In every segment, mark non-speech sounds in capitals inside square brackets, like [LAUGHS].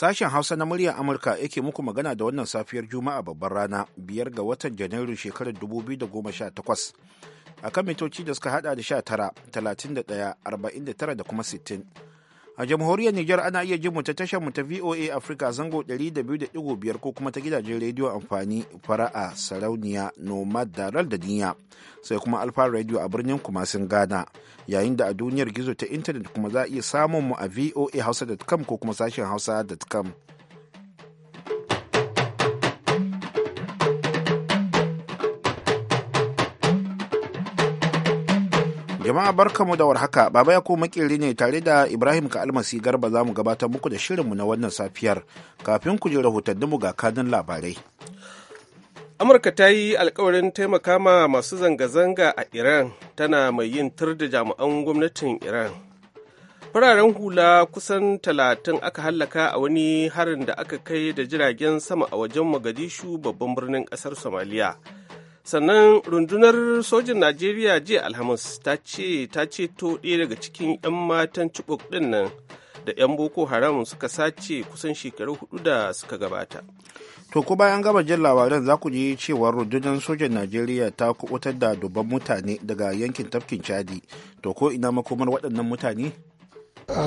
Sashen Hausa na muryar Amurka yake muku magana da wannan safiyar Juma'a babbar rana biyar ga watan Janairu shekarar 2018 a kan mitoci da suka hada da 19, 31, 49 da kuma 60. a jamhuriyar Nijar ana iya jin mu ta tashar mu ta VOA Africa zango 200.5 ko kuma ta gidajen rediyo amfani fara'a sarauniya nomad da ral da duniya sai kuma alfa radio a birnin kuma sun gana yayin da a duniyar gizo ta intanet kuma za a iya samun mu a voa hausa.com ko kuma sashen hausa.com Jama'a barkamu da warhaka, Baba ya makeri ne tare da Ibrahim ka almasi garba za mu gabatar muku da shirinmu na wannan safiyar kafin ku ji mu ga kanun labarai. Amurka ta yi alkawarin taimaka ma masu zanga-zanga a Iran tana mai yin tur da jami'an gwamnatin Iran. Fararen hula kusan talatin aka hallaka a wani harin da aka kai da jiragen sama a wajen Mogadishu babban birnin kasar Somaliya. sannan rundunar sojin najeriya jiya alhamis ta ce ta to ɗaya daga cikin 'yan matan cibok ɗin nan da 'yan boko haram suka sace kusan shekaru hudu da suka gabata to ko bayan gama jin labaran za ku ji cewa rundunar sojan najeriya ta kubutar da dubban mutane daga yankin tafkin chadi to ko ina makomar waɗannan mutane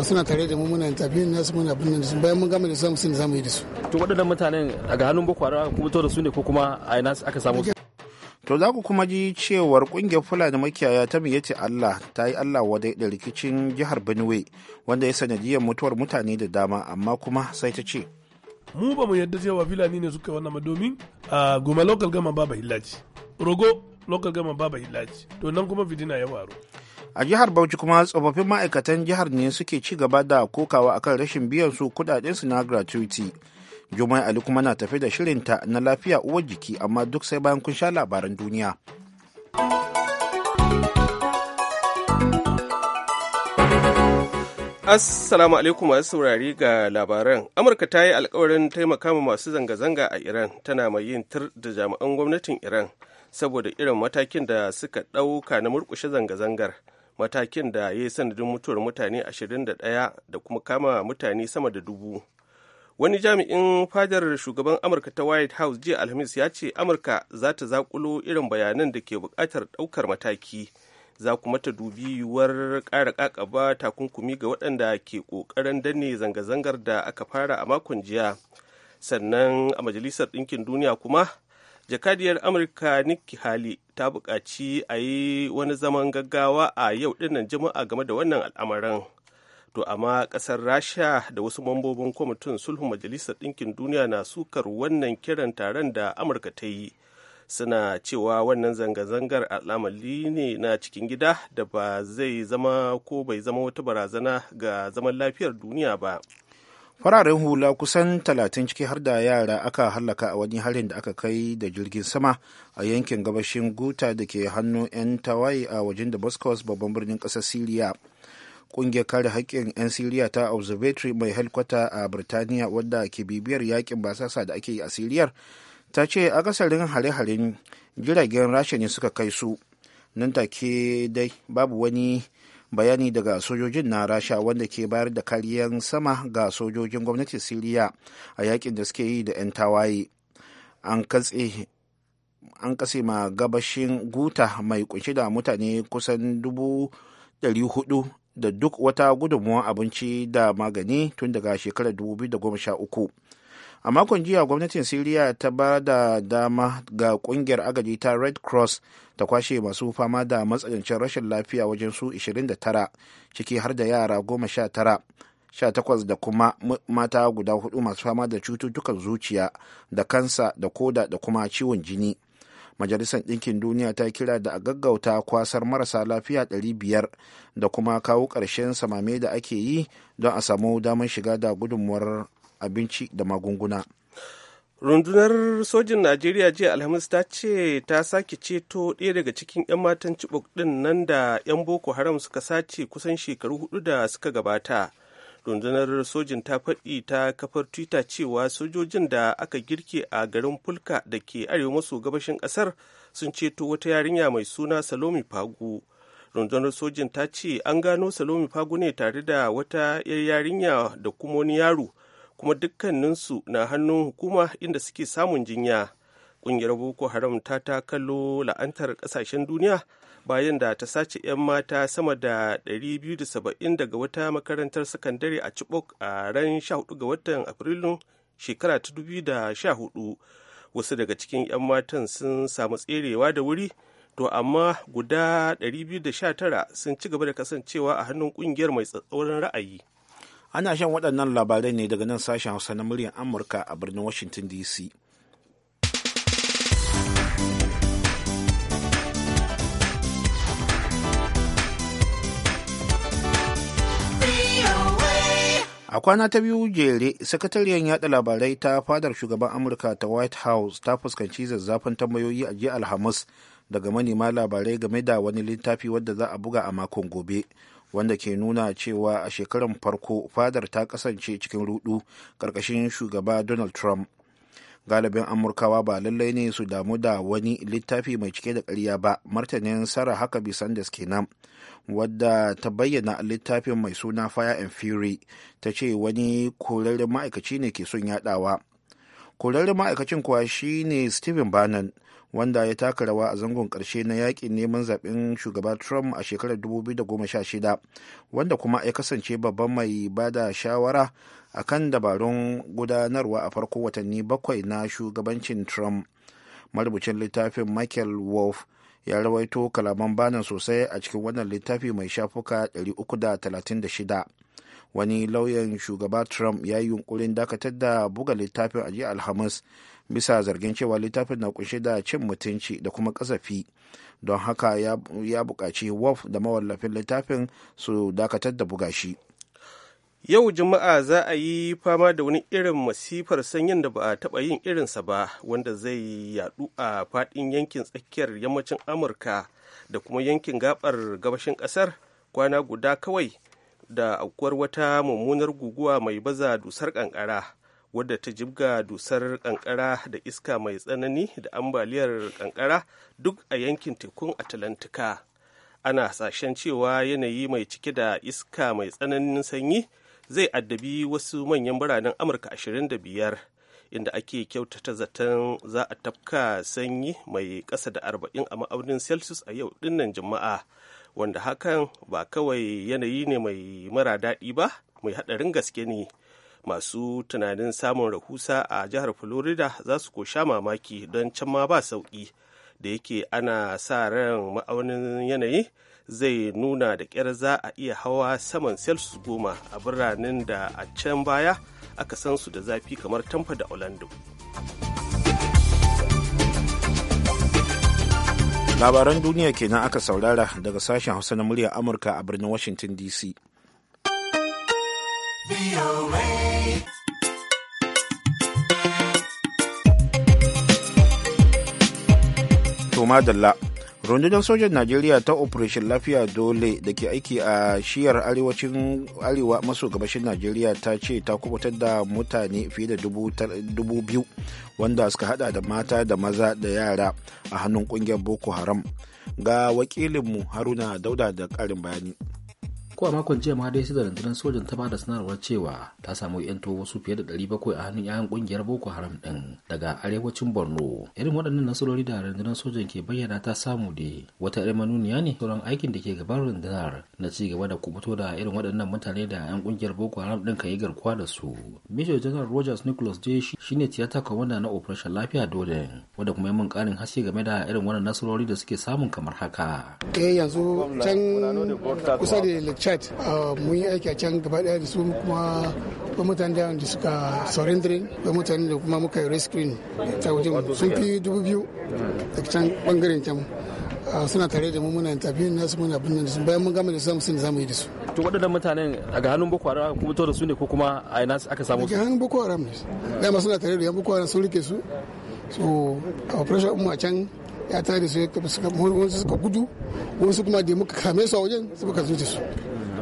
suna tare da mu muna tafiyan nasu muna binne da su bayan mun gama da su sun zamu yi da su to waɗannan mutanen ga hannun boko haram kuma to da su ne ko kuma a ina aka samu su To za ku kuma ji cewar kungiyar Fulani makiyaya ta yace Allah ta yi Allah wa da rikicin jihar Benue wanda ya sanadiyar mutuwar mutane da dama amma kuma sai ta ce. Mu ba mu yadda cewa Fulani ne suka wannan domin a goma local gama baba hillaci. Rogo local gama baba hillaci. To nan kuma fitina ya faru. a jihar bauchi kuma tsofaffin ma'aikatan jihar ne suke ci gaba da kokawa akan rashin biyan su kudaden su na gratuity Jummai Ali kuma na tafi da shirin ta na lafiya uwar jiki amma duk sai bayan kun sha labaran duniya. Assalamu alaikum masu saurari ga labaran. Amurka ta yi alkawarin taimaka ma masu zanga-zanga a Iran tana mai yin tir da jami'an gwamnatin Iran saboda irin matakin da suka ɗauka na murkushe zanga-zangar. Matakin da ya yi sanadin mutuwar mutane 21 da kuma kama mutane sama da dubu. wani jami'in fadar shugaban amurka ta white house jiya alhamis ya ce amurka za ta zakulo irin bayanan da ke bukatar ɗaukar mataki za kuma ta dubi yiwuwar ƙara ƙaƙaba takunkumi ga waɗanda ke ƙoƙarin danne zanga-zangar da aka fara a makon jiya sannan a majalisar ɗinkin duniya kuma jakadiyar amurka nikki hali ta buƙaci a yi wani zaman gaggawa a yau ɗinnan jama'a game da wannan al'amarin to amma kasar rasha da wasu mambobin kwamitin sulhun majalisar ɗinkin duniya na sukar wannan kiran taron da amurka ta yi suna cewa wannan zanga-zangar al'amali ne na cikin gida da ba zai zama ko bai zama wata barazana ga zaman lafiyar duniya ba fararen hula kusan talatin ciki har da yara aka hallaka a wani harin da aka kai da jirgin sama a yankin gabashin guta da ke hannu 'yan tawaye a wajen damascus babban birnin ƙasar siriya kungiyar kare haƙƙin 'yan siriya ta observatory mai halkwata a birtaniya wadda ke bibiyar yakin basasa da ake yi a siriyar ta ce akasarin hare-haren jiragen rasha ne suka kai su nan take dai babu wani bayani daga sojojin na rasha wanda ke bayar da kariyan sama ga sojojin gwamnati siriya a yakin da suke yi da 'yan tawaye an katse kase ma gabashin guta mai kunshi da mutane kusan dubu 400 da duk wata gudunmuwa abinci da magani tun daga shekarar 2013 a makon jiya gwamnatin siriya ta ba da dama ga kungiyar agaji ta red cross ta kwashe masu fama da matsanancin rashin lafiya wajen su 29 ciki har da yara 19 18 da kuma mata guda hudu masu fama da cututtukan zuciya da kansa da koda da kuma ciwon jini majalisar ɗinkin duniya ta kira da a gaggauta kwasar marasa lafiya 500 da kuma kawo ƙarshen samame da ake yi don a samu damar shiga da gudunmuwar abinci da magunguna rundunar sojin najeriya jiya alhamis ta ce ta sake ceto ɗaya daga cikin 'yan matan cibok ɗin nan da 'yan boko haram suka sace kusan shekaru hudu da suka gabata rundunar sojin ta faɗi ta kafar twitter cewa sojojin da aka girke a garin fulka da ke arewa maso gabashin ƙasar sun ceto wata yarinya mai suna salomi fagu rundunar sojin ta ce an gano salomi fagu ne tare da wata 'yar yarinya da kuma wani yaro kuma dukkaninsu na hannun hukuma inda suke samun jinya ƙungiyar boko haram ta ta kallo la'antar ƙasashen duniya bayan da ta sace 'yan mata sama da 270 daga wata makarantar sakandare a Chibok a ran 14 ga watan Afrilun shekara ta 2014. Wasu daga cikin 'yan matan sun samu tserewa da wuri, to amma guda 219 sun ci gaba da kasancewa a hannun kungiyar mai tsatsauran ra'ayi. Ana shan waɗannan labarai ne daga nan sashen Hausa na muryar Amurka a birnin Washington DC. a kwana ta biyu jere sakatariyar yada labarai ta fadar shugaban amurka ta white house ta fuskanci zazzafin tambayoyi a jiya alhamis daga manema labarai game da wani littafi wadda za a buga a makon gobe wanda ke nuna cewa a shekarar farko fadar ta kasance cikin rudu ƙarƙashin shugaba donald trump galibin amurkawa ba lallai ne su damu da wani littafi mai cike da ƙarya ba martanin sarah huckabee sanders kenan wadda ta bayyana littafin mai suna fire and fury ta ce wani korarren ma'aikaci ne ke son yadawa korarren ma'aikacin kuwa shine stephen bannon wanda ya taka rawa a zangon ƙarshe na yaƙin neman zaɓen shugaba trump a shekarar 2016 wanda kuma ya kasance babban mai bada shawara a kan dabarun gudanarwa a farko watanni bakwai na shugabancin trump marubucin littafin michael wolf ya rawaito kalaman banan sosai a cikin wannan littafi mai shafuka 336 wani lauyan shugaba trump ya yi yunkurin dakatar da buga littafin a alhamis bisa zargin cewa littafin na kunshe da cin mutunci da kuma kasafi don haka ya buƙaci wolf da mawallafin littafin su dakatar da buga shi yau juma'a za a yi fama da wani irin masifar sanyin da ba a taɓa yin irinsa ba wanda zai yadu a faɗin yankin tsakiyar yammacin amurka da kuma yankin gabar gabashin ƙasar kwana guda kawai da aukuwar wata mummunar guguwa mai baza dusar ƙanƙara wadda ta jibga dusar kankara da iska mai tsanani da ambaliyar kankara duk a yankin tekun atlantika ana hasashen cewa yanayi mai cike da iska mai tsananin sanyi zai addabi wasu manyan biranen amurka 25 inda ake kyautata zaton za a tafka sanyi mai kasa da 40 a ma'aunin celsius a yau dinnan jama'a wanda hakan ba kawai yanayi ne mai mara daɗi ba mai haɗarin gaske ne masu tunanin samun rahusa a jihar florida za su kosha mamaki don can ma ba sauƙi da yake ana sa ran ma'aunin yanayi zai nuna da ƙyar za a iya hawa saman celsius goma a biranen da a can baya aka san su da zafi kamar tamfa da orlando labaran duniya kenan aka saurara daga sashen hausa na murya amurka a birnin washington dc Toma Dalla rundunar sojan najeriya ta operation lafiya dole da ke aiki a shiyar arewacin arewa maso gabashin najeriya ta ce ta kubutar da mutane fiye da dubu biyu wanda suka hada da mata da maza da yara a hannun kungiyar boko haram ga wakilinmu haruna dauda da karin bayani ko a makon jiya ma dai sai da rundunar sojan ta bada sanarwar cewa ta samu yanto wasu fiye da 700 a hannun yayan kungiyar boko haram din daga arewacin borno irin waɗannan nasarori da rundunar sojan ke bayyana ta samu da wata irin manuniya ne sauran aikin da ke gaban rundunar na ci gaba da kubuto da irin waɗannan mutane da yan kungiyar boko haram din kan yi garkuwa da su major general rogers nicholas j shine tiyata kwamanda na operation lafiya dole wanda kuma yi mun ƙarin haske game da irin waɗannan nasarori da suke samun kamar haka eh yanzu can kusa da threat uh, mun yi aiki a can gaba ɗaya da su kuma ba mutane da da suka surrendering ba mutane da kuma muka yi rescreen ta wajen sun fi dubu biyu daga can bangaren can uh, suna tare da mu muna interview nasu muna binne da su bayan mun gama da samu sun zamu yi da su to waɗannan mutanen ga hannun boko haram kuma to da su ne ko kuma a ina aka samu su hannun boko haram ne dama suna tare da yan boko haram sun rike su so fresh mu a can ya tare da su ya suka gudu wasu kuma da muka kame su a wajen suka zuce su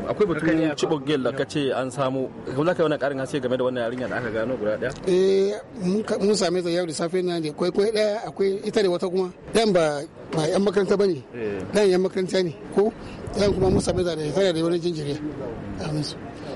akwai batun cibok gel da ce an samu kuma ka yi wani karin hasi game da wannan yarinya da aka gano guda daya eh mun same ta yau da safe na ne kwai kwai daya akwai ita da wata kuma dan ba ba yan makaranta bane eh. dan yan makaranta ne ko dan kuma mun same ta da tare da wani jinjiri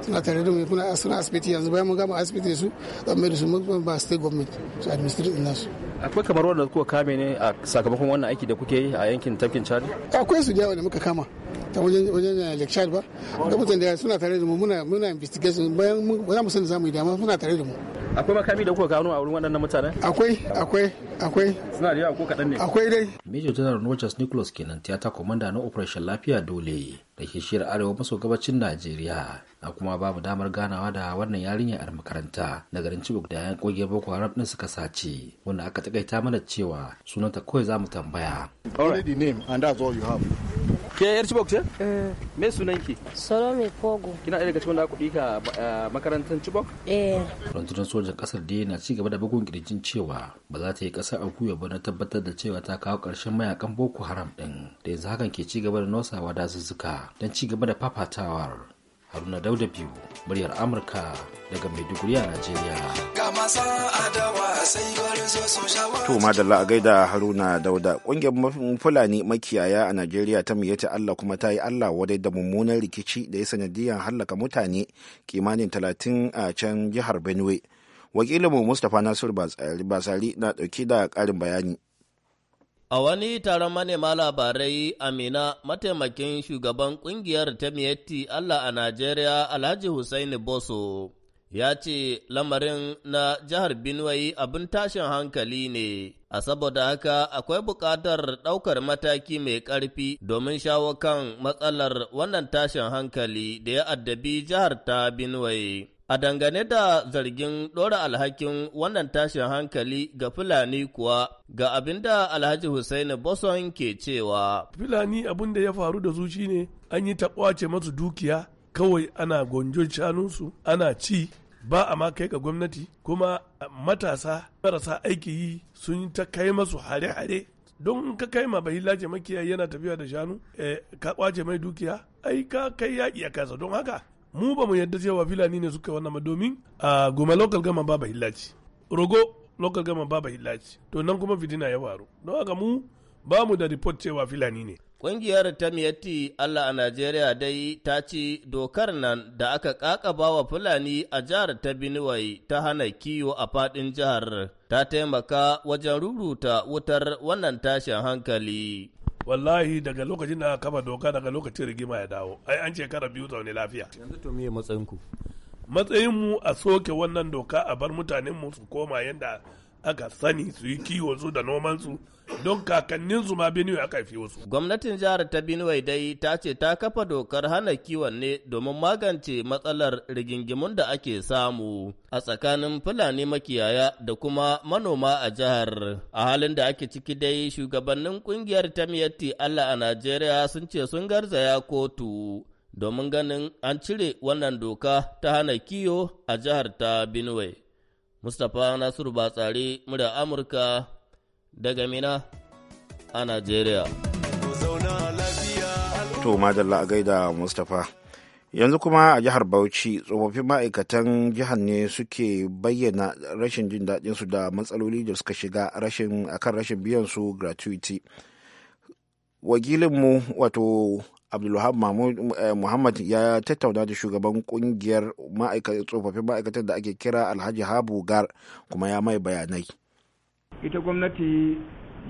suna tare da mu suna asibiti yanzu bayan mun gama asibiti da su amma da su mun ba state government su administrate nasu akwai kamar wanda kuka kame ne a sakamakon wannan aiki da kuke yi a yankin tafkin chad akwai su da muka kama ta wajen wajen eh, chad ba da mutane suna tare da mu muna muna investigation bayan mu za mu sani za mu yi dama suna tare da mu akwai makami da kuka gano a wurin waɗannan mutanen akwai akwai akwai suna da yawa ko kaɗan ne akwai dai major general rogers nicholas kenan tiyata komanda na operation lafiya dole da ke shiyar arewa maso gabacin najeriya a kuma babu damar ganawa da wannan yarinya a makaranta na garin cibok da yan kogiyar boko haram din suka sace wanda aka takaita mana cewa sunanta kawai za mu tambaya already name and that's all you have ke yar chibok ce? Eh. me sunan ki? salome kogo. kina ɗaya daga cikin da kuɗi ka eh, makarantar chibok. eh rundunar sojan kasar da na ci gaba da bugun kirjin cewa ba za ta yi ƙasar akuya ba na tabbatar da cewa ta kawo karshen mayakan boko haram ɗin da yanzu hakan ke ci gaba da nosawa dazuzzuka don ci gaba da papatawar. haruna dauda biyu muryar amurka daga maiduguri a najeriya to madalla a gaida haruna dauda ƙungiyar fulani makiyaya a najeriya ta miyyata allah kuma ta yi allah wadai da mummunan rikici da ya sanadiyar hallaka mutane kimanin talatin a can jihar benue wakilinmu mustapha nasir basari na ɗauke da ƙarin bayani A wani taron manema labarai Amina mataimakin shugaban ƙungiyar ta Allah a Najeriya Alhaji Hussaini Boso ya ce lamarin na jihar Benue abin tashin hankali ne, a saboda haka akwai buƙatar ɗaukar mataki mai ƙarfi domin shawo kan matsalar wannan tashin hankali da ya addabi jihar ta Benue. A dangane da zargin ɗora alhakin wannan tashin hankali ga Fulani kuwa ga abin da Alhaji Hussaini Boson ke cewa. Fulani abin da ya faru da su shine an yi taɓwace masu dukiya kawai ana gonjon shanunsu ana ci ba a ma kai ga gwamnati kuma matasa marasa aiki yi sun ta kai masu hare-hare don ka kai ma bai lace makiyayi yana tafiya da shanu eh, ka kwace mai dukiya ai ka kai yaƙi a kasa don haka mu ba mu yadda cewa filani ne suka wannan domin a goma local gama ba babu hillaci rogo local gama ba babu hillaci to nan kuma fitina ya faru don haka mu ba mu da report cewa filani ne Ƙungiyar ta miyatti Allah a Najeriya dai ta ce dokar nan da aka ƙaƙaba wa Fulani a jihar ta Biniwai ta hana kiwo a faɗin jihar ta taimaka wajen rurruta wutar wannan tashin hankali. wallahi daga lokacin da kafa doka daga lokacin rigima ya dawo ai an shekara biyu zaune lafiya yanzu to meye matsayin ku matsayin mu a soke wannan doka a bar mutanen mu su koma yanda aka sani su yi kiwo su da noman su don kakannin su ma Benue aka fi wasu. Gwamnatin jihar ta Benue dai ta ce ta kafa dokar hana kiwon ne domin magance matsalar rigingimun da ake samu a tsakanin Fulani makiyaya da kuma manoma a jihar. A halin da ake ciki dai shugabannin kungiyar Tamiyatti Allah a Najeriya sun ce sun garzaya kotu. domin ganin an cire wannan doka ta hana kiwo a jihar ta Benue. Mustapha Nasiru Batsari murya Amurka daga Mina a Najeriya. To madalla a gaida Mustapha. Yanzu kuma a jihar Bauchi tsofaffin ma'aikatan jihar ne suke bayyana rashin jin daɗinsu da matsaloli da suka shiga rashin akan rashin biyan su gratuity. Wakilinmu wato abdulwahab eh, muhammad ya tattauna da shugaban kungiyar tsofaffin ma'aikatar da ake kira alhaji habu gar kuma ya mai bayanai ita gwamnati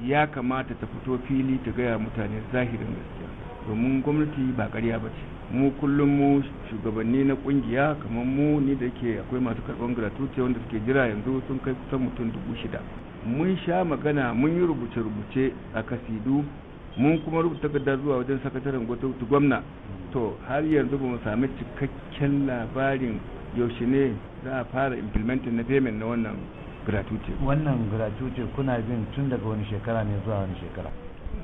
ya kamata ta fito fili ta gaya mutane zahirin gaskiya domin gwamnati ba karya ba ce mu kullum mu shugabanni na kungiya kamar mu ni da ke akwai masu karban gratuity wanda suke jira yanzu sun kai kusan mutum dubu shida mun sha magana mun yi rubuce-rubuce a kasidu mun kuma rubuta da zuwa wajen sakataren gwamnati gwamna to har yanzu ba mu sami cikakken labarin yaushe ne za a fara implementing na payment na wannan gratuity wannan gratuity kuna bin tun daga wani shekara ne zuwa wani shekara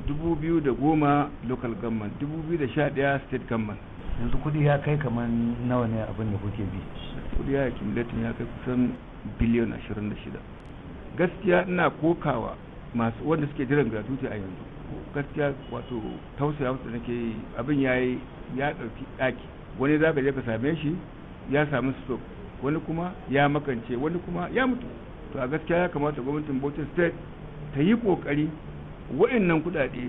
2010 local government 2011 state government yanzu kudi ya kai kamar nawa ne abin da kuke bi kudi ya accumulating ya kai kusan biliyan 26 gaskiya ina kokawa masu wanda suke jiran gratuity a yanzu gaskiya wato tausaya musu nake yi abin ya yi ya ɗauki ɗaki wani za ka je ka same shi ya samu stroke wani kuma ya makance wani kuma ya mutu to a gaskiya ya kamata gwamnatin Bauchi state ta yi ƙoƙari wa'annan kuɗaɗe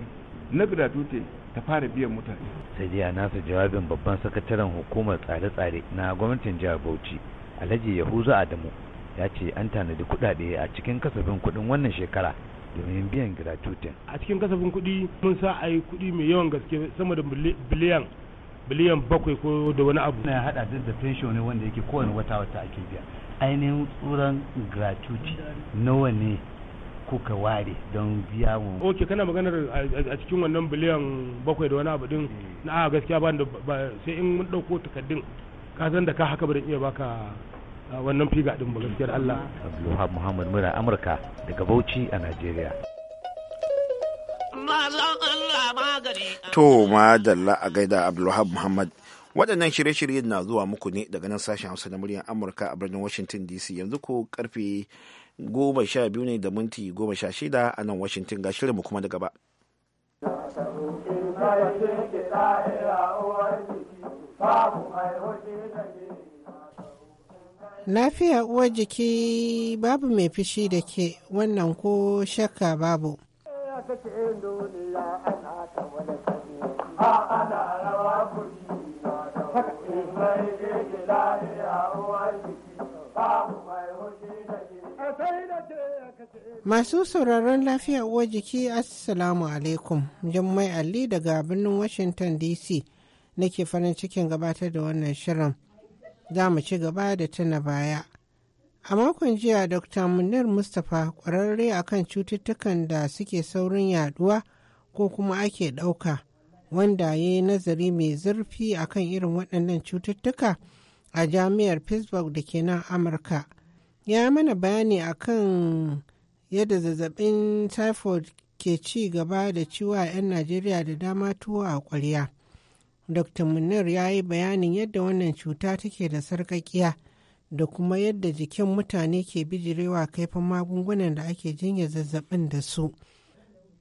na gratuity ta fara biyan mutane sai dai a nasa jawabin babban sakataren hukumar tsare-tsare na gwamnatin jihar Bauchi Alhaji Yahuza Adamu ya ce an tanadi kuɗaɗe a cikin kasafin kuɗin wannan shekara domin biyan gratuitin a cikin kasafin kuɗi mun sa a yi kuɗi mai yawan gaske sama da biliyan biliyan bakwai ko da wani abu na hada duk da pension ne wanda yake kowane wata wata ake biya ainihin tsoron gratuity nawa ne kuka ware don biya mu ok kana maganar a cikin wannan biliyan bakwai da wani abu din eh. na a gaskiya ba sai in mun ɗauko takardun ka san da ka haka ba iya baka wannan figa din ba gaskiyar Allah Abdulwahab Muhammad muna Amurka daga Bauchi a Najeriya To madalla a gaida Abdulwahab Muhammad waɗannan shirye-shiryen na zuwa muku ne daga nan sashen hausa na muryar amurka a birnin washington dc yanzu ko karfe goma sha biyu ne da minti goma sha shida a nan washington ga mu kuma da gaba Babu mai hoji da Lafiya uwar jiki babu mai fishi da ke wannan ko shakka babu. Masu sauraron lafiya uwar jiki Assalamu alaikum, Jummai Ali daga birnin Washington DC nake farin cikin gabatar da wannan shirin. za mu ci gaba da tuna baya. A makon jiya Dr. Munir Mustapha ƙwararre a kan cututtukan da suke saurin yaduwa ko kuma ake ɗauka wanda ya yi nazari mai zurfi a kan irin waɗannan cututtuka a jami'ar Pittsburgh da ke nan Amurka. Ya mana bayani a akan yadda zazzabin typhoid ke ci gaba da ciwa 'yan Najeriya da dama tuwo a ƙwarya. dr munir ya yi bayanin yadda wannan cuta take da sarkakiya da kuma yadda jikin mutane ke bijirewa kaifin magungunan da ake jinya zazzabin da su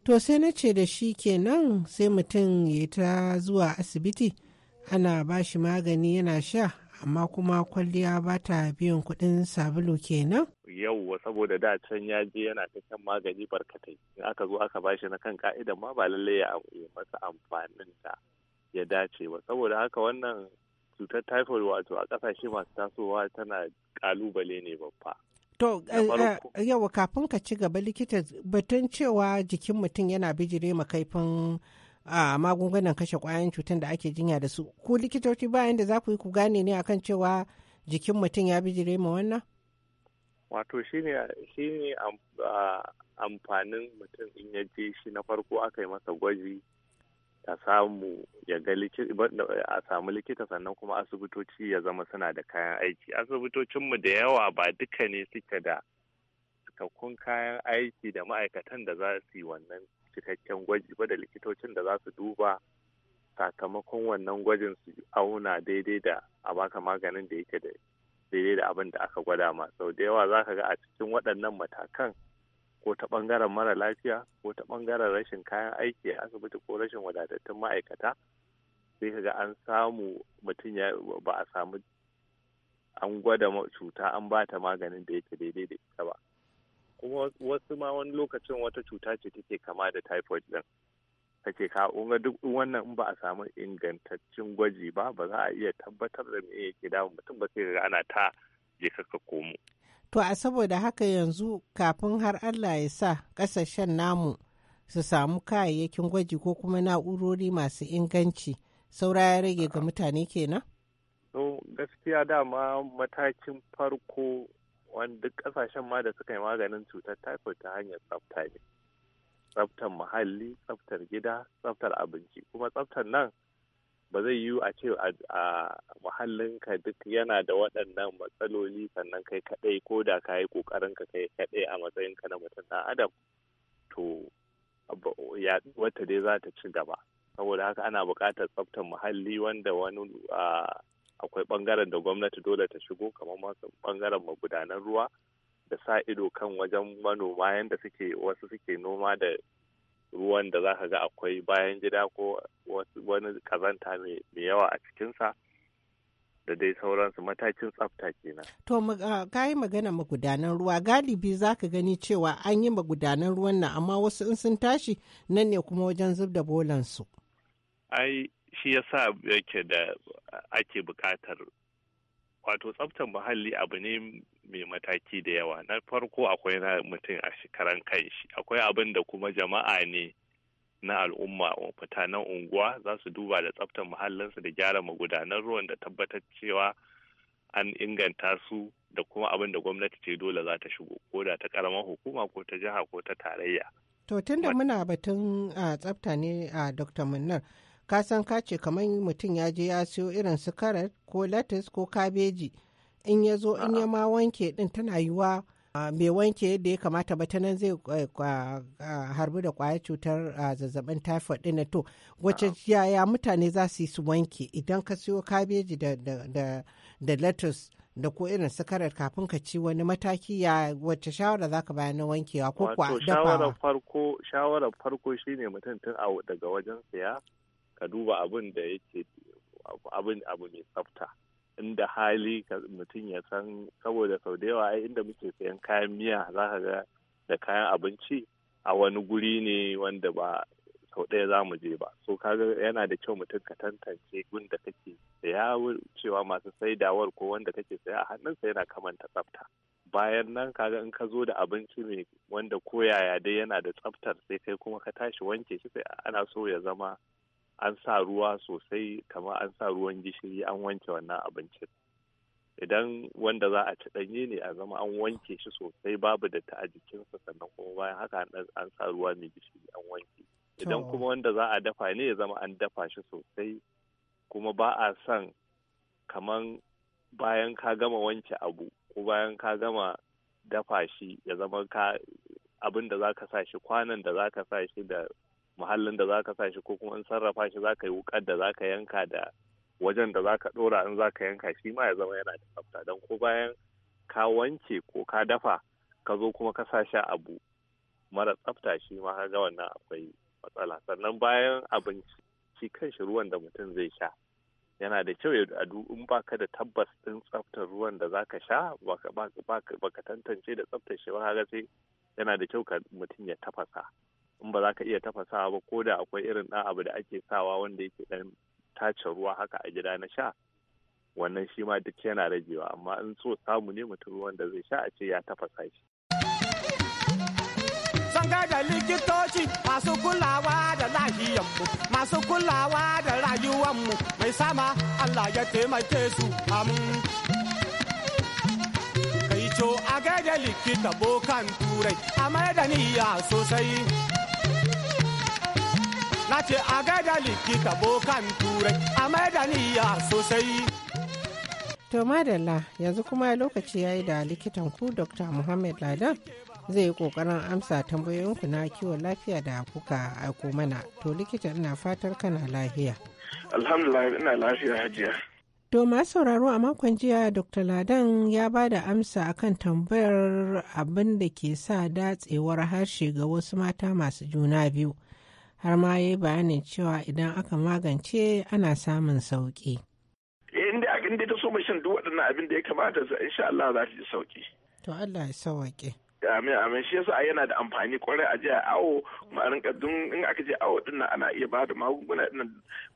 to sai na ce da shi kenan sai mutum ya ta zuwa asibiti ana ba shi magani yana sha amma kuma kwalliya ba ta biyan kuɗin sabulu kenan. Yauwa saboda da can ya je yana ta kan magani barkatai in aka zo aka ba shi na kan ka'idan ma ba lallai ya masa amfanin ta ya dace ba saboda haka wannan cutar typhoid wato a kasashe masu tasowa tana kalubale ne babba to eh, eh, yawa kafin ka ci gaba likita batun cewa jikin mutum yana bijire makaifin a magungunan kashe kwayan cutar da ake jinya da su ku likitoci bayan da za ku yi ku gane ne akan cewa jikin mutum ya bijire ma wannan wato shine shine amfanin mutum in ya je shi na farko aka yi masa gwaji ta samu ya ga a samu likita sannan kuma asibitoci ya zama suna da kayan aiki asibitocinmu da yawa ba duka ne suke da cikakkun kayan aiki da ma'aikatan da za su yi wannan cikakken gwaji ba da likitocin da za su duba sakamakon wannan gwajin su auna daidai da a baka maganin da yake da daidai da abin da aka gwada ma sau da yawa za ka ga a cikin waɗannan matakan ko ta ɓangaren mara lafiya ko ta bangaren rashin kayan aiki a asibiti ko rashin wadatattun ma'aikata sai ka ga an samu mutum ya ba a samu an gwada cuta an ba ta maganin da yake daidai da ita ba kuma wasu ma wani lokacin wata cuta ce take kama da typhoid din take ka unga duk wannan in ba a samu ingantaccen gwaji ba ba za a iya tabbatar da me yake damun mutum ba sai ga ana ta je kaka komo To a saboda haka yanzu kafin har Allah ya sa ƙasashen namu su samu kayayyakin gwaji ko kuma na'urori masu inganci saura ya rage ga mutane kenan? So gaskiya dama matakin farko wanda ƙasashen ma da suka yi maganin cutar typhoid ta hanyar tsafta ne. Tsaftar muhalli, tsaftar gida, tsaftar abinci, kuma tsaftar nan ba zai yiwu a ce a muhallinka duk yana da waɗannan matsaloli sannan kai kaɗai ko da ka yi ƙoƙarin ka kai kaɗai a matsayinka na mutum ɗan adam to wata dai za ta ci gaba saboda haka ana buƙatar tsaftar muhalli wanda wani akwai ɓangaren da gwamnati dole ta shigo kamar masu ɓangaren magudanan ruwa da sa ido kan wajen manoma yadda suke wasu suke noma da ruwan da za ka ga akwai bayan gida ko wani kazanta mai yawa a cikinsa da dai sauransu matakin tsafta kenan. To ka yi magana magudanan ruwa galibi za ka gani cewa an yi magudanan ruwan nan amma wasu in sun tashi nan ne kuma wajen zub da bolansu. Ai shi yasa yake da ake bukatar wato tsaftar muhalli abu ne mai mataki da yawa na farko akwai na mutum a shekaran shi akwai abin da kuma jama'a ne na al'umma na unguwa za su duba da tsaftar muhallinsu da gyara magudanan ruwan da tabbatar cewa an inganta su da kuma abin da gwamnati ce dole za ta shigo ko da ta karamar hukuma ko ta jiha ko ta tarayya. To tunda muna batun a ah, tsafta ne ah, a Dr. Munnar ka san ka ce kamar mutum ya je ya siyo irin su karat ko latas ko kabeji in ya zo in ya ma wanke din tana yiwa mai wanke yadda ya kamata ba ta nan zai eh, harbi da kwaya cutar zazzabin typhoid din to wacce yaya mutane za su yi su wanke idan ka siyo kabeji da latas da ko irin sakarar kafin ka ci wani mataki ya wacce shawara za ka bayan na wankewa ko kwa dafawa? Shawarar farko farko shine mutum tun daga wajen siya ka duba abin da yake abin abu mai tsafta inda hali mutum ya san saboda sau da yawa inda muke sayan kayan miya za ka ga da kayan abinci a wani guri ne wanda ba sau ɗaya za mu je ba so kaga yana da kyau mutum ka tantance gun da kake saya cewa masu saidawar ko wanda kake saya a hannunsa yana kamanta tsafta bayan nan kaga in ka zo da abinci mai wanda koyaya dai yana da tsaftar sai kai kuma ka tashi wanke shi sai ana so ya zama an sa ruwa sosai kamar an sa ruwan gishiri an wanke wannan abincin idan wanda za a ci ɗanye ne a zama an wanke shi sosai babu da ta a jikinsa sannan kuma bayan haka an sa ruwa mai gishiri an wanke idan kuma wanda za a dafa ne ya zama an dafa shi sosai kuma ba a son kaman bayan ka gama wanke abu ko bayan ka gama dafa shi ya zama ka abin da za ka sa shi kwanan da za ka sa shi da muhallin da zaka sa shi ko kuma in sarrafa shi zaka yi wukar da zaka yanka da wajen da zaka dora in zaka yanka shi ma ya zama yana da tsafta don ko bayan ka wanke ko ka dafa ka zo kuma ka sa shi abu mara tsafta shi ma ga wannan akwai matsala sannan bayan abinci shi kan shi ruwan da mutum zai sha yana da kyau ya adu in baka da tabbas din tsaftar ruwan da zaka sha baka baka tantance da tsaftar shi ba kaga sai yana da kyau ka mutum ya tafasa in ba za ka iya tafasawa ba ko da akwai irin ɗan abu da ake sawa wanda yake ɗan tace ruwa haka a gida na sha wannan shi ma duk yana ragewa amma in so samu ne mutum wanda zai sha a ce ya tafasa shi. Zan ga likitoci masu kulawa da lahiyanmu masu kulawa da rayuwanmu mai sama Allah ya taimake su amin. to a gaida likita bokan turai a mai da niyya sosai na ce a liki likita bokan turai a niyya sosai to madalla yanzu kuma lokaci ya yi da likitan ku dr muhammad ladan zai yi kokarin amsa tambayoyinku na kiwon lafiya da kuka aiko mana to likita ina fatar kana lafiya alhamdulillah ina lafiya hajiya To masu sauraro a makon jiya Dr. Ladan ya ba da amsa akan tambayar abin da ke sa datsewar harshe ga wasu mata masu juna biyu har ma ya yi bayanin cewa idan aka magance ana samun sauƙi. inda a da ta so mashin shan duk waɗannan abin da ya kamata su insha Allah za ta ji sauƙi. To Allah ya sauke. Amin amin shi yasa yana da amfani kwarai a jiya a awo kuma a rinka in aka je awo din ana iya ba da magunguna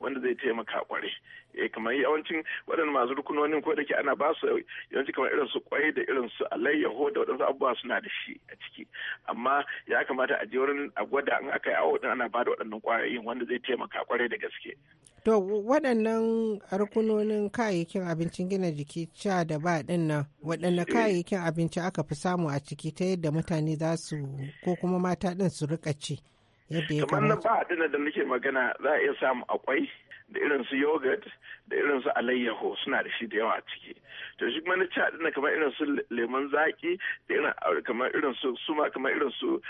wanda zai taimaka kwarai Eh, kamar yawancin waɗannan masu rukunonin ko da ke ana ba su yawanci kamar irin su kwai da irin su alayyaho da waɗansu abubuwa suna da shi a ciki amma ya kamata a je wurin a gwada in aka yi awo din ana ba da waɗannan kwayoyin wanda zai taimaka kwarai da gaske. to waɗannan rukunonin kayayyakin abincin gina jiki ca da ba ɗin nan waɗanne eh. kayayyakin abinci aka fi samu a ciki ta yadda mutane za su ko kuma mata ɗin su rika ci. yadda ya kamata. Kamar na ba da nake magana za a iya samu akwai da irin su yogurt da irin su alayyaho suna da shi da yawa a ciki to shi mana ci na kamar irin su lemon zaki da irin kamar irin su suma kamar irin su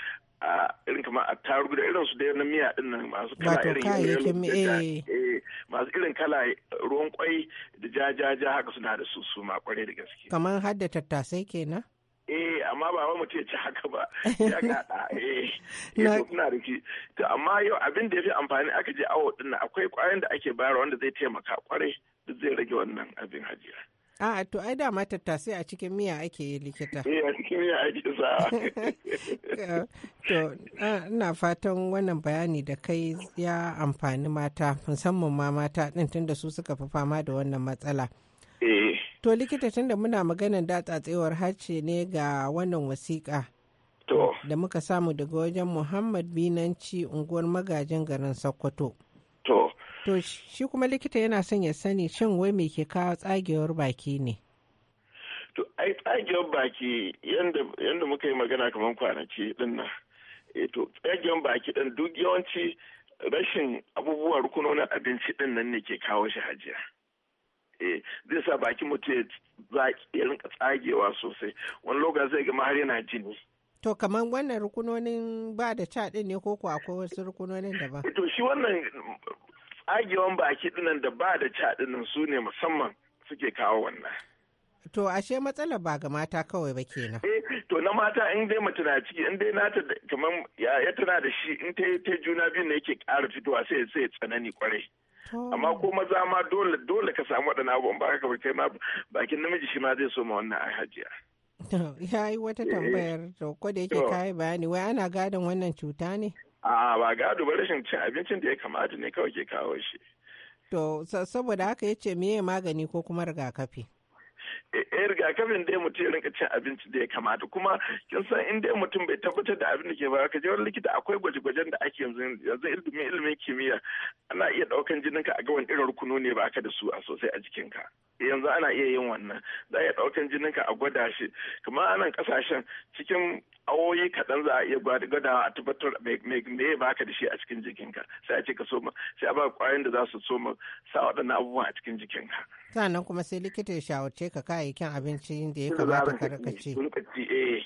a irin kamar a da irin su da na miya din nan masu kala irin eh. Eh, masu irin kala ruwan kwai da ja ja ja haka suna da su suma kwarai da gaske kamar hadda tattasai kenan eh amma ba wai mutum ya ci haka ba [LAUGHS] ya gada eh eh kuna da to amma yau abin da ya fi amfani aka je awo din akwai kwayan da ake bayarwa wanda zai taimaka kwarai duk zai rage wannan abin hajiya A'a to ai da ta tattasai a cikin miya ake yi likita. Eh a cikin miya ake sa. [LAUGHS] To ina fatan wannan bayani da kai ya amfani mata musamman ma mata din tunda su suka fi fama da wannan matsala. To likita tunda muna maganar datsatsewar harce ne ga wannan wasiƙa. Da muka samu daga wajen Muhammad Binanci unguwar magajin garin Sokoto. To. shi kuma likita yana son ya sani shin wai me ke kawo tsagewar baki ne? To ai tsagewar baki yadda muka yi magana kamar kwanaki din nan. Eh, to tsagewar baki din duk yawanci rashin abubuwan rukunonin abinci din ne ke kawo shi hajiya. Eh, zai sa baki mutu ya rinka tsagewa sosai wani lokaci zai gama har yana jini to kamar wannan rukunonin ba da ca ne ko ko wasu rukunonin da ba to shi wannan tsagewan baki dinan da ba da ca su ne musamman suke kawo wannan to ashe matsalar ba ga mata kawai ba kenan eh to na mata in dai mace na ciki in dai nata kamar ya tana da shi in ta juna biyu ne yake ƙara fitowa sai sai tsanani kwarai amma ko maza ma dole dole ka samu waɗannan abubuwan ba ka kai ma bakin namiji shi ma zai so ma wannan ai hajiya ya yi wata eh. tambayar to ko da yake kai bayani wai ana gadon wannan cuta ne a ba gado ba rashin cin abincin da ya kamata ne kawai ke kawo shi to saboda haka yace meye magani ko kuma rigakafi eh rigakafin dai mutum ya rinka cin abinci da ya kamata kuma kin san in dai mutum bai tabbatar da abin da ke ba ka je wani likita akwai gwaje-gwajen da ake yanzu yanzu ilimin ilimin kimiyya ana iya jinin jininka a ga wani irin rukunu ne ba da su a sosai a jikinka eh, yanzu ana iya yin wannan za a iya jinin jininka a gwada shi kuma anan ƙasashen cikin awoyi kaɗan za a iya gwadawa a tabbatar me baka da shi a cikin jikinka sai a ce ka soma sai a ba kwayoyin da za su soma sa waɗannan abubuwa a cikin jikinka. sannan kuma sai likita ya shawarce ka kayayyakin abincin da ya kamata ka raka ci eh.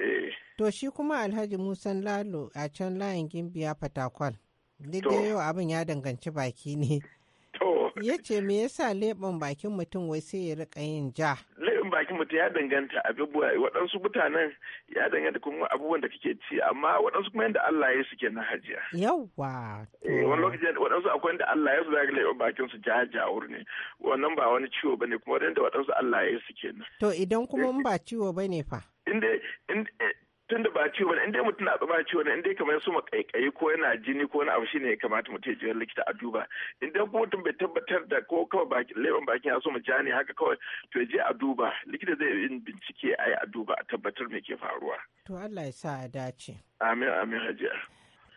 Eh. to shi kuma alhaji musa lalo a can layin gimbiya fatakwal duk yau abin ya danganci baki ne ya ce me yasa leɓen bakin mutum wai sai ya rika yin ja bakin mutum ya danganta abin waɗansu mutanen ya danganta kuma abubuwan da kake ci amma waɗansu kuma yadda Allah ya suke na hajiya. Yawwa. Eh, wani lokacin waɗansu akwai yadda Allah ya su za bakin su jajawur ne wannan ba wani ciwo ba ne kuma yadda waɗansu Allah ya suke na. To idan kuma ba ciwo ba ne fa. Inda eh, tun da ba ciwo bane inda mutum na ba ciwo ne inda kamar su makaikai ko yana jini ko wani abu shine ya kamata mu ya je likita a duba inda kuma mutum bai tabbatar da ko kawai baki leban bakin ya so mu jani haka kawai to je a duba likita zai yi bincike a yi a duba a tabbatar me ke faruwa to Allah ya sa a dace amin amin hajiya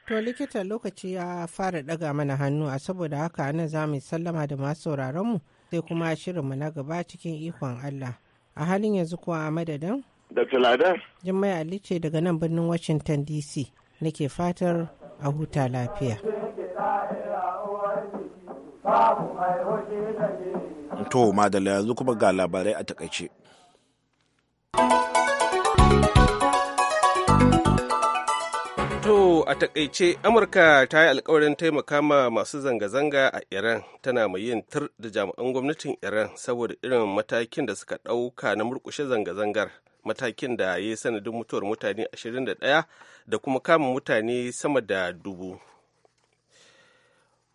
To likita lokaci ya fara daga mana hannu a saboda haka ana za mu sallama da masu mu sai kuma shirinmu na gaba cikin ikon Allah. A halin yanzu kuwa a madadin Dr. Ladar. Jummai Ali ce daga nan birnin Washington DC. Nake fatar a huta lafiya. To, madalla yanzu kuma ga labarai a takaice. To, a takaice, Amurka ta yi alkawarin taimaka ma masu zanga-zanga a Iran tana mai yin tur da jami'an gwamnatin Iran saboda irin matakin da suka ɗauka na murkushe zanga-zangar. matakin da ya yi sanadin mutuwar mutane 21 da kuma kama mutane sama da dubu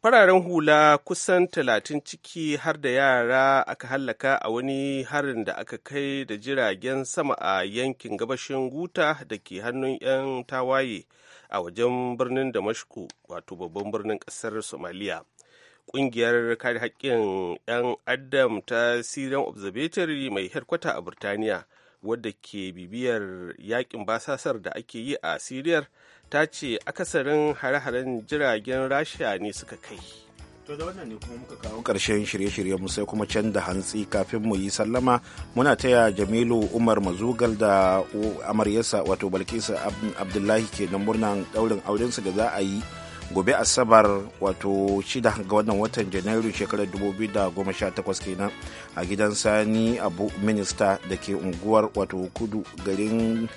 fararen hula kusan talatin ciki har da yara aka hallaka a wani harin da aka kai da jiragen sama a yankin gabashin guta da ke hannun 'yan tawaye a wajen birnin damashku wato babban birnin kasar somaliya kungiyar kare haƙƙin 'yan adam ta siren observatory mai herkwata a burtaniya wadda ke bibiyar yakin basasar da ake yi a siriyar ta ce akasarin hare-haren jiragen rasha ne suka kai to da wannan ne kuma muka kawo ƙarshen shirye-shiryen mu sai kuma can da hantsi kafin mu yi sallama muna taya jamilu umar mazugal da amaryasa wato balkisa abdullahi ke nan murnan daurin aurensu da za a yi gobe asabar wato shida ga wannan watan janairu shekarar 2018 kenan a gidan sani abu minista da ke unguwar wato kudu garin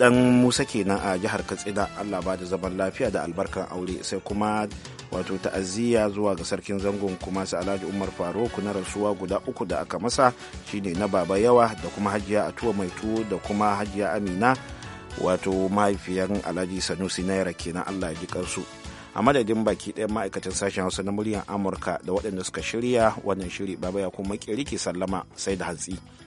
dan musa kenan a jihar katsina allah ba da zaman lafiya da albarkan aure sai kuma wato ta'aziyya zuwa ga sarkin zangon kuma su alhaji umar faruk na rasuwa guda uku da aka masa shine na baba yawa da kuma hajiya a tuwo mai tuwo da kuma hajiya amina wato mahaifiyan alhaji sanusi naira kenan allah ya ji kansu a madadin baki ɗaya ma'aikatan sashen hausa na muryar amurka da waɗanda suka shirya wannan shiri baba ya kuma ke sallama sai da hatsi.